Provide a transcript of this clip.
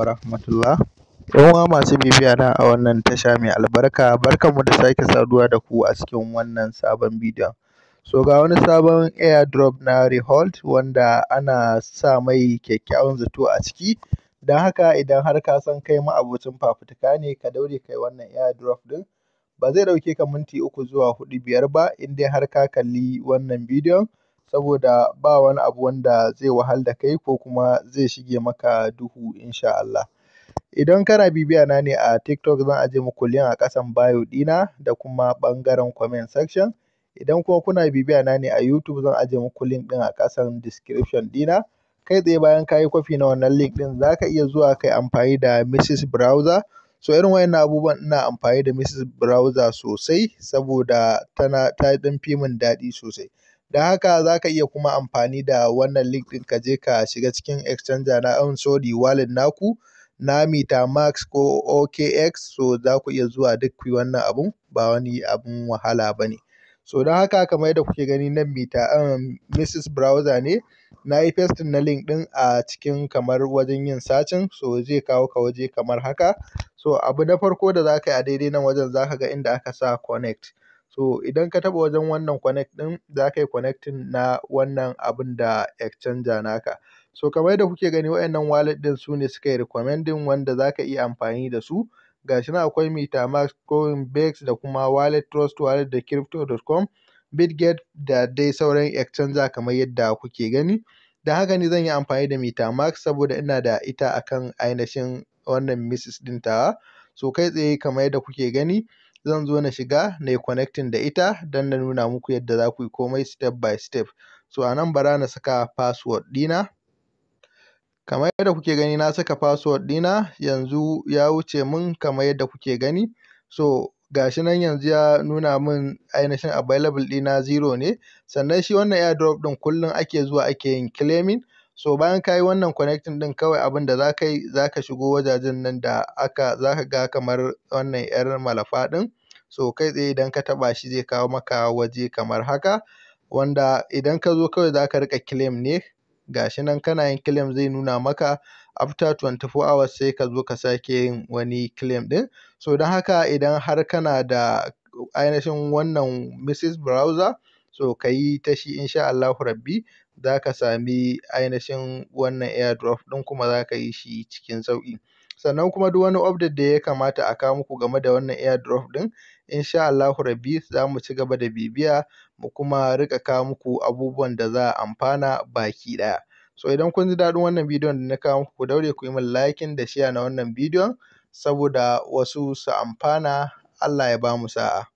wa rahmatullah yan uwa masu bibiya na a wannan tasha mai albarka mu da sake saduwa da ku a cikin wannan sabon bidiyon so ga wani sabon airdrop na rehold wanda ana sa mai kyakkyawan zato a ciki don haka idan har ka san kai ma'abocin fafutuka ne ka daure kai wannan airdrop ɗin ba zai ɗauke ka minti uku zuwa huɗu biyar ba in dai har ka kalli wannan bidiyon saboda ba wani abu wanda zai wahal da kai ko kuma zai shige maka duhu insha Allah idan kana bibiya na ne a tiktok zan aje muku link a ƙasan bio ɗina da kuma ɓangaren comment section idan kuma kuna bibiya na ne a youtube zan aje muku link ɗin a ƙasan description ɗina kai tsaye bayan ka yi kwafi na wannan link ɗin za ka iya zuwa kai amfani da mrs browser so irin waɗannan abubuwan ina amfani da mrs browser sosai saboda tana ta ɗan fi min daɗi sosai da haka za ka iya kuma amfani da wannan link ɗin ka je ka shiga cikin exchanger na am um, sorry wallet naku na MetaMask ko OKX so za ku iya zuwa duk kuyi wannan abun ba wani abun wahala ba ne. So don haka kamar yadda kuke gani nan meta um, Mrs browser ne na yi pasting na link ɗin a cikin kamar wajen yin searching so zai kawo ka waje kamar haka. So abu na farko da za ka yi a daidai nan wajen za ka ga inda aka sa connect. so idan ka taɓa wajen wannan connect ɗin za yi connecting na wannan abun da exchanger naka so kamar yadda kuke gani waɗannan wallet ɗin sune yi recommending wanda za ka iya amfani dasu gashi nan akwai metamask, coinbase da kuma wallet trust wallet da crypto.com bitget da dai sauran exchanger kamar yadda kuke gani don haka ni yi amfani da metamask saboda ina da ita akan ainihin wannan misis ɗin tawa so kai tsaye kamar yadda kuke gani zan zo na shiga na yi connecting da ita don na nuna muku yadda za ku yi komai step by step. So a nan bara na saka password ɗina. Kamar yadda kuke gani na saka password ɗina yanzu ya wuce min kamar yadda kuke gani. So ga shi nan yanzu ya nuna min ainihin available ɗina zero ne. Sannan shi wannan airdrop ɗin kullum ake zuwa ake yin claiming. so bayan ka yi wannan connecting ɗin kawai abinda zaka yi zaka shigo wajajen nan da aka zaka ga kamar wannan 'yar malafa ɗin so kai tsaye idan ka taɓa shi zai kawo maka waje kamar haka wanda idan ka zo kawai zaka riƙa claim ne ga shi nan kana yin claim zai nuna maka after twenty four hours sai ka zo ka sake yin wani claim ɗin so don haka idan har kana da ainihin wannan misis browser so kayi ta shi in Allahu Rabbi zaka sami ainihin wannan airdrop ɗin kuma zaka yi shi cikin sauƙi. Sannan kuma duk wani update da ya kamata a kawo muku game da wannan airdrop ɗin insha Allahu rabbi za mu ci gaba da bibiya mu kuma riƙa kawo muku abubuwan da za a amfana baki ɗaya. So idan kun ji daɗin wannan bidiyon da na kawo muku ku daure ku yi min liking da share na wannan bidiyon saboda wasu su amfana. Allah ya bamu sa'a.